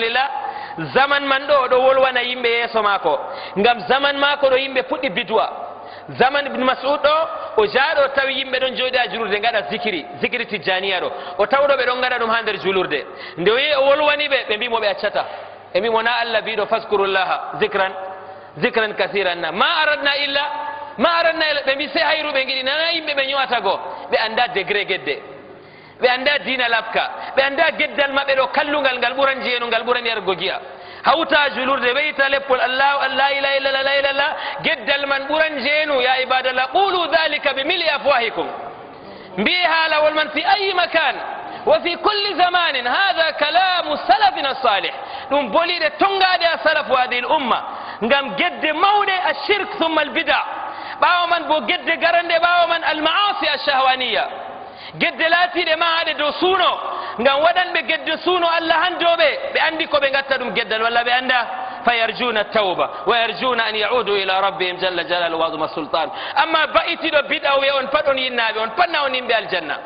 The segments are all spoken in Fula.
alhamdulillah zaman man ɗo oɗo wolwana yimɓe yeeso maako ngam zaman maako ɗo yimɓe puɗɗi bidwa zaman ibne masud ɗo o jaaɗo tawi yimɓe ɗon jooɗi ha julurde ngaɗa zikiri zikiri tijaniya ɗo o tawɗo ɓe ɗon gaɗa ɗum ha nder julurde nde o yehi o wolwani ɓe ɓe mbimo ɓe accata ɓe mbimo na allah mbiɗo faskurullaha zicran zicran kasiran na ma aradna illa ma aradna illa ɓe mbi se hayruɓe giɗi nana yimɓe ɓe ñowata goo ɓe anda degré guedde be anda dina labka be anda geddal mabbe do kallungal ngal buran jeeno ngal buran yar gogiya hauta julurde be ɓeyta leppol allahu an la ilaha illallah la ilallah geddal man buran jeenu ya ibadallah qulu dhalika bi mili afwahikum bi hala wal man fi ayi makan wa fi kulli zamanin hada kalamu salafina salih ɗum boliɗe tongaɗe a salafu hadihi l umma ngam gedde mawɗe a shirk thumma albida ɓawa man bo gedde garande ɓawa man almaasi alshahwaniya gedde laatiɗe ma haɗe dow suuno ngam waɗanɓe gedde suuno allah handoɓe ɓe andi ko ɓe gatta ɗum geddal walla ɓe anda فيرجون التوبة ويرجون أن يعودوا إلى ربهم جل جلاله وعظم السلطان أما بأيتي دو بيت أو يون فاتون ينابي ون فانا ون ينبي الجنة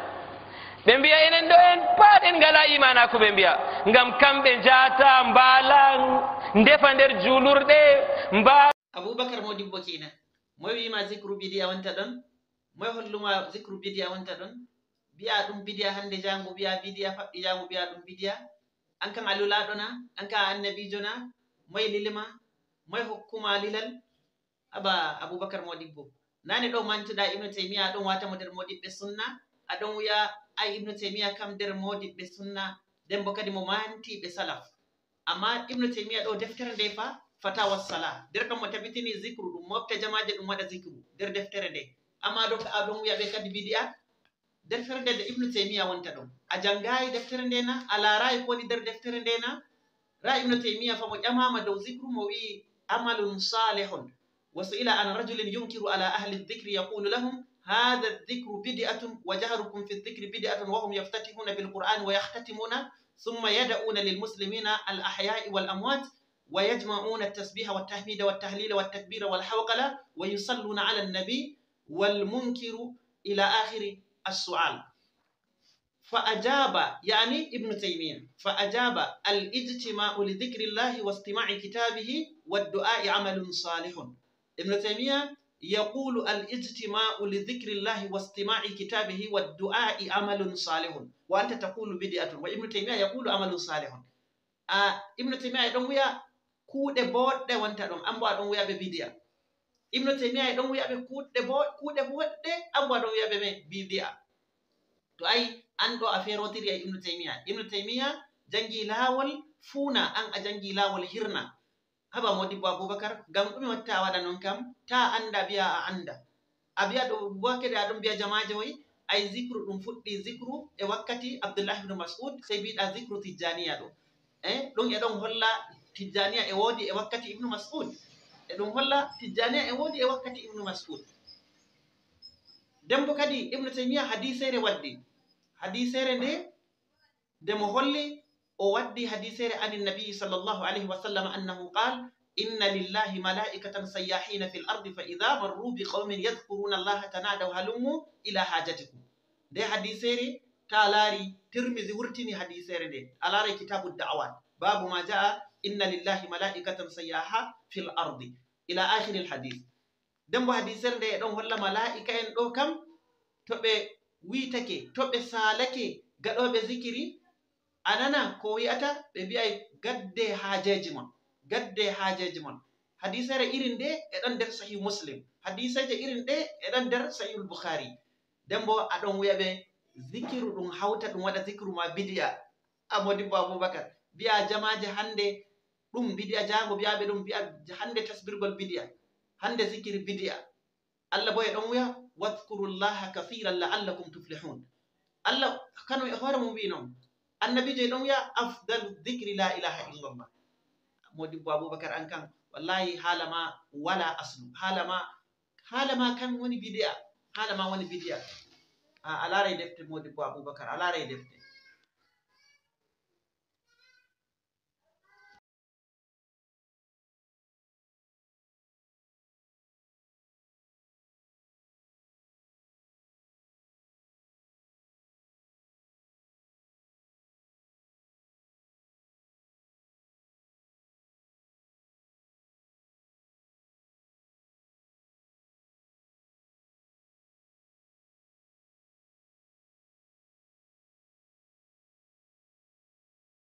بنبيا إنن دو إن فات إن غلا إيمانكو بنبيا ngam kamɓe jata mbala ndefa nder julurɗe mba aboubacar modibbo kina moy wima zicre bidi a wonta ɗon moy holluma zicre bidi a wonta ɗon biya ɗum bidiya hande jango biya bidiya faɓɓi jango biya ɗum bidiya an kan alulaɗo na an kan annabijo na moye lilima moye hokkuma lilal aba aboubacar modibbo nane ɗo mantuɗa ibnu taimiya aɗon watamo nder modiɓɓe sunna aɗon wiya ai ibnu taimiya kam nder modiɓɓe sunna nden bo kadi mo mantiɓe salaf amma ibnu taimiya ɗo deftere nde fa fatawa sala nder kam mo tabitini zicru ɗum mofta jamaje ɗum waɗa zicru nder deftere nde amma ɗo aɗon wiyaɓe kadi bidi'a deftere nde nde ibnu taymiya wonta ɗon a janngayi deftere nde na a laarayi ko woni nder deftere nde na ra ibnu taymiya famo ƴamama dow zicre mo wi'i amalun salihun wa su'ila an rajulin yunkiru ala ahli dicri yaqulu lahum hada dicru bidi'atun wa jahrukum fi dicri bidi'atun wa hum yaftatihuna bilqur'ani wa yahtatimuna ثم يدعون للمسلمين الأحياء والأموات ويجمعون التسبيح والتحميد والتهليل والتكبير والحوقلة ويصلون على النبي والمنكر إلى آخر assu'al fa ajaba yani ibnu taymia fa ajaba al ijtimau li dicri llahi wa istimaci kitabihi wadduai amalun salihun ibnu taymia yaqulu al ijtimau li dicri llahi wa istimaci kitabihi wadduai amalun salihun wa anta taqulu bidiatun wa ibnu taymia yaqulu amalun salihun ibnu taymia e ɗon wiya kuuɗe boɗɗe wonta ɗon anbo aɗon wiyaɓe bidiya ibnu temia e ɗon wiyaɓe kuɗɗe bo kuuɗe boɗɗe abba ɗon wiyaɓe ɓe bibia to ayi an ɗo a ferotiri a e ibnu temia ibnu temia jangi lawol fuuna an a jangi lawol hirna haba modibbo aboubacar ngam ɗumi watta a waɗa noon kam ta anda biya a anda a biya ɗo wakede aɗon biya jamaje woy ay zicru ɗum fuɗɗi zicru e wakkati abdoullah ibnu masud sey mbiɗa zicru tijjaniya ɗo e ɗum e ɗon holla tijjaniya e woodi e wakkati ibnu masud e ɗum holla tijjani en woodi e wakkati ibnu masud dembo kadi ibnu taymiya hadisere waddi hadisere nde ndemo holli o waddi hadisere ani nabiyi sall llahu alayhi wa sallam annahu qal inna lillahi malaikatan sayahina fi l ardi fa ida marru bi qaumin yadkuruna allaha tanadaw halummu ila hajatikum nde hadisere ta laari tirmisi wurtini hadisere nde a laara kitabu dawat babu ma jaa inna lillahi malaikatan sayaha fi l ardi ila akhiri l hadis dembo hadisere nde ɗon holla malaika en ɗo kam to ɓe witake to ɓe salake gaɗoɓe zikiri anana ko wi'ata ɓe mbiyay gadde hajeji mon gadde hajeji mon hadisere irin nde eɗon nder sahih muslim hadiseje irin ɗe eɗon nder sahih lbukhari dembo aɗon wiya ɓe zikiru ɗum hawta ɗum waɗa zikiru ma bidya amodibo aboubacar mbiya jamaje hande ɗum bidiya jango biyaɓe ɗum biya hande tasbirgol bidiya hande zikiri bidiya allah bo e ɗon wiya wadkurullaha kahiran laallakum tuflihun allah kano e hoore mum wi noon annabijo e ɗon wiya afdalu dicri la ilaha illallah modibbo aboubacar an kan wallahi haalama wala aslu haalama haalama kan woni bidiya haalama woni bidiya a alaara e defte modibbo aboubacar alaara e defte